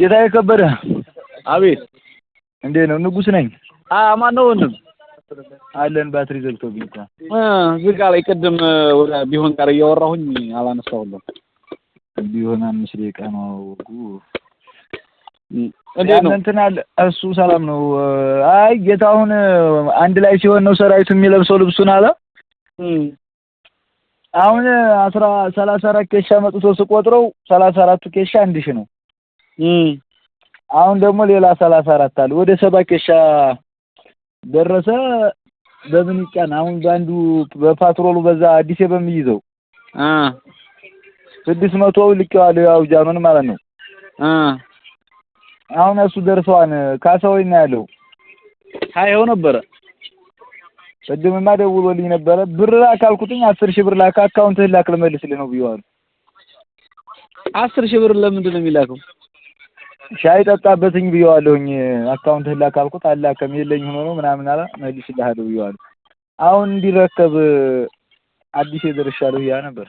ጌታ ከበደ አቤት እንዴ ነው ንጉስ ነኝ ማን ነው ወንድም አለን ባትሪ ዘግቶብኝ እኮ ዝጋ ላይ ቅድም ቢሆን ጋር እያወራሁኝ አላነሳሁልም ቢሆን አምስት ደቂቃ ነው እኮ እንዴት ነው እንትን አለ እሱ ሰላም ነው አይ ጌታ አሁን አንድ ላይ ሲሆን ነው ሰራዊቱ የሚለብሰው ልብሱን አለ አሁን አስራ ሰላሳ አራት ኬሻ መጥቶ ስቆጥረው ሰላሳ አራቱ ኬሻ አንድ ሺህ ነው አሁን ደግሞ ሌላ ሰላሳ አራት አለ ወደ ሰባ ኬሻ ደረሰ። በምን ይጫን? አሁን በአንዱ በፓትሮሉ በዛ አዲሴ በሚይዘው ስድስት መቶውን ያው የአውጃኑን ማለት ነው። አሁን እሱ ደርሰዋን ካሳሁኝ ነው ያለው። ታየው ነበረ ቅድምማ ደውሎልኝ ነበረ። ብር ላክ አስር ሺህ ብር ላካ አካውንትህን ላክ ልመልስልህ ነው ብዬዋለሁ። አስር ሺህ ብር ለምንድን ነው የሚላከው? ሻይ ጠጣበትኝ ብየዋለሁኝ። አካውንት ህላ ካልኩት አላከም። የለኝ ሆኖ ነው ምናምን አለ። መልስልሃለሁ ብየዋለሁ። አሁን እንዲረከብ አዲስ ደርሻለሁ ያ ነበር።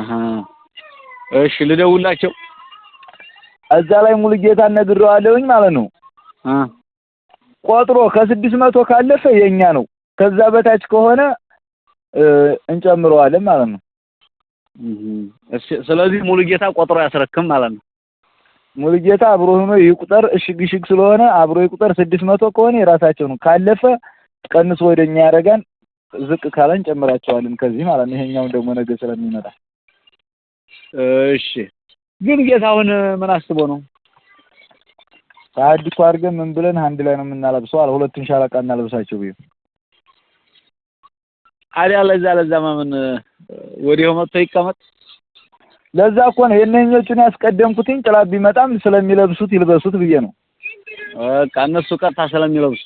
አሀ እሺ፣ ልደውላቸው እዛ ላይ ሙሉ ጌታ እነግረዋለሁኝ ማለት ነው። ቆጥሮ ከስድስት መቶ ካለፈ የእኛ ነው። ከዛ በታች ከሆነ እንጨምረዋለን ማለት ነው። ስለዚህ ሙሉ ጌታ ቆጥሮ ያስረክም ማለት ነው። ሙሉጌታ አብሮ ሆኖ ይቁጠር። እሽግ እሽግ ስለሆነ አብሮ ይቁጠር። ስድስት መቶ ከሆነ የራሳቸው ነው። ካለፈ ቀንስ ወደኛ ያደርጋን። ዝቅ ካለን ጨምራቸዋልን ከዚህ ማለት ነው። ይሄኛውን ደግሞ ነገ ስለሚመጣ እሺ። ግን ጌታሁን ምን አስቦ ነው? ታዲያ አድርገን ምን ብለን አንድ ላይ ነው የምናለብሰው አለ። ሁለቱን ሻለቃ እናለብሳቸው ብዬ አዲያ ለዛ ለዛ ማምን ወዲያው መጥቶ ይቀመጥ ለዛ እኮ ነው የነኞቹን ያስቀደምኩትኝ ጥላ ቢመጣም ስለሚለብሱት ይልበሱት ብዬ ነው። በቃ እነሱ ቀርታ ስለሚለብሱ።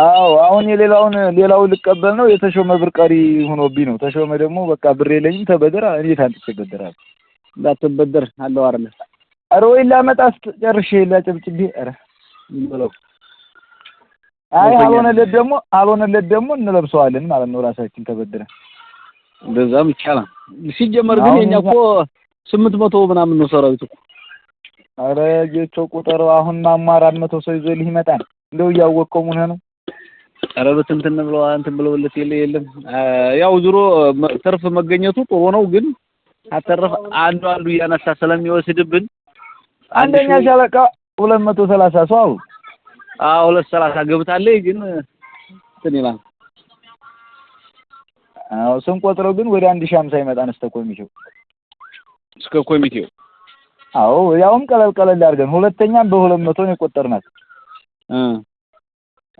አዎ አሁን የሌላውን ሌላው ልቀበል ነው የተሾመ ብር ቀሪ ሆኖብኝ ነው። ተሾመ ደግሞ በቃ ብር የለኝም ተበደር። እንዴት አንተ ትበደራለህ? እንዳትበደር አለው አይደል? ኧረ ወይ ላመጣ ጨርሼ ላጨብጭቤ። ኧረ በለው። አይ አልሆነለት ደግሞ አልሆነለት ደግሞ እንለብሰዋለን ማለት ነው ራሳችን ተበድረን። እንደዛም ይቻላል። ሲጀመር ግን የኛ እኮ ስምንት መቶ ምናምን ነው ሰራዊቱ። አረ ጌቾ ቁጥር አሁን አማራ አንድ መቶ ሰው ይዞልህ ይመጣል። እንደው እያወቀው ምን ነው? አረ በትንትን ብለው አንተ ብለውለት የለ የለም። ያው ዙሮ ትርፍ መገኘቱ ጥሩ ነው፣ ግን አተረፍ አንዱ አንዱ እያነሳ ስለሚወስድብን አንደኛ ሻለቃ 230 መቶ ሰላሳ ሰው አሁን አዎ ሁለት ገብታለች፣ ግን እንትን ይላል አዎ ስንቆጥረው ግን ወደ አንድ ሺህ ሃምሳ ይመጣል እስከ ኮሚቴው እስከ ኮሚቴው አዎ ያውም ቀለል ቀለል አድርገን ሁለተኛም በሁለት መቶ ነው የቆጠርናት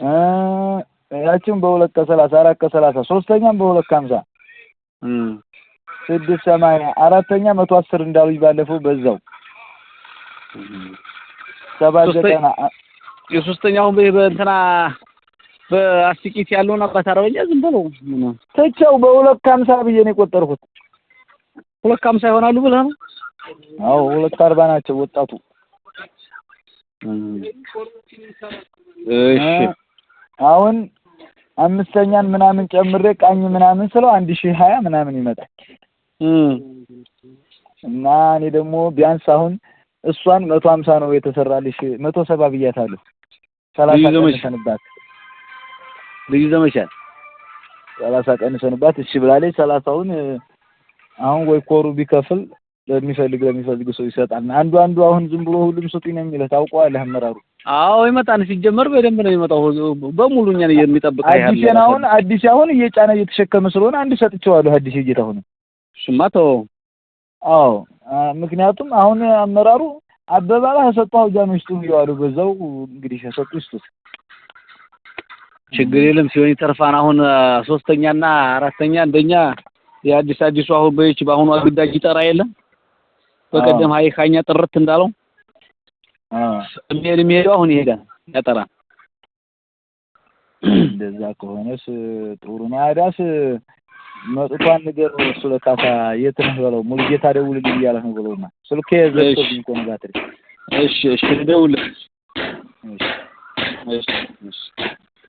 እ ያቺም በሁለት ከሰላሳ አራት ከሰላሳ ሶስተኛም በሁለት ከሀምሳ ስድስት ሰማንያ አራተኛ መቶ አስር እንዳሉኝ ባለፈው በዛው ሰባት ዘጠና የሶስተኛውን በእንትና በአስቂት ያለውን አባት አረበኛ ዝም ብሎ ትቼው በሁለት ሀምሳ ብዬ ነው የቆጠርኩት። ሁለት ሀምሳ ይሆናሉ ብለህ ነው? አዎ ሁለት ናቸው ወጣቱ። እሺ አሁን አምስተኛን ምናምን ጨምሬ ቃኝ ምናምን ስለው አንድ ሺህ ሀያ ምናምን ይመጣል። እና እኔ ደግሞ ቢያንስ አሁን እሷን መቶ ሀምሳ ነው የተሰራልሽ መቶ ሰባ ብያታለሁ። ሰላሳ ቀንሰንባት ልዩ ዘመቻን ሰላሳ ቀንሰንባት እሺ ብላለች። ሰላሳውን አሁን ወይ ኮሩ ቢከፍል ለሚፈልግ ለሚፈልግ ሰው ይሰጣል። አንዱ አንዱ አሁን ዝም ብሎ ሁሉም ስጡኝ ነው የሚለው። ታውቀዋለህ አመራሩ። አዎ ይመጣን ሲጀመር በደንብ ነው የሚመጣው። በሙሉ እኛን የሚጠብቅ አዲስ አሁን አዲስ አሁን እየጫነ እየተሸከመ ስለሆነ አንድ ሰጥቼዋለሁ። አዲስ እየት ሆነ እሱማ ተወው። አዎ ምክንያቱም አሁን አመራሩ አበባላ ከሰጠኸው ጃኖ ይስጡህ እየዋለሁ በዛው እንግዲህ ከሰጡ ይስጡት ችግር የለም ሲሆን ይተርፋል። አሁን ሶስተኛና አራተኛ እንደኛ የአዲስ አዲሱ አሁን በይች በአሁኑ አግዳጅ ይጠራ የለም በቀደም ሀይ ካኛ ጥርት እንዳለው የሚሄድ የሚሄደው አሁን ይሄዳል ያጠራል። እንደዛ ከሆነስ ጥሩ ነው። አዳስ መጥቷን ነገር እሱ ለካሳ የት ነህ በለው። ሙሉጌታ ደውልልኝ እያለህ ነው ብለውና ስልኬ ዘግቶብኝ እኮ ነው ባትሪ። እሺ እሺ፣ ደውል እሺ እሺ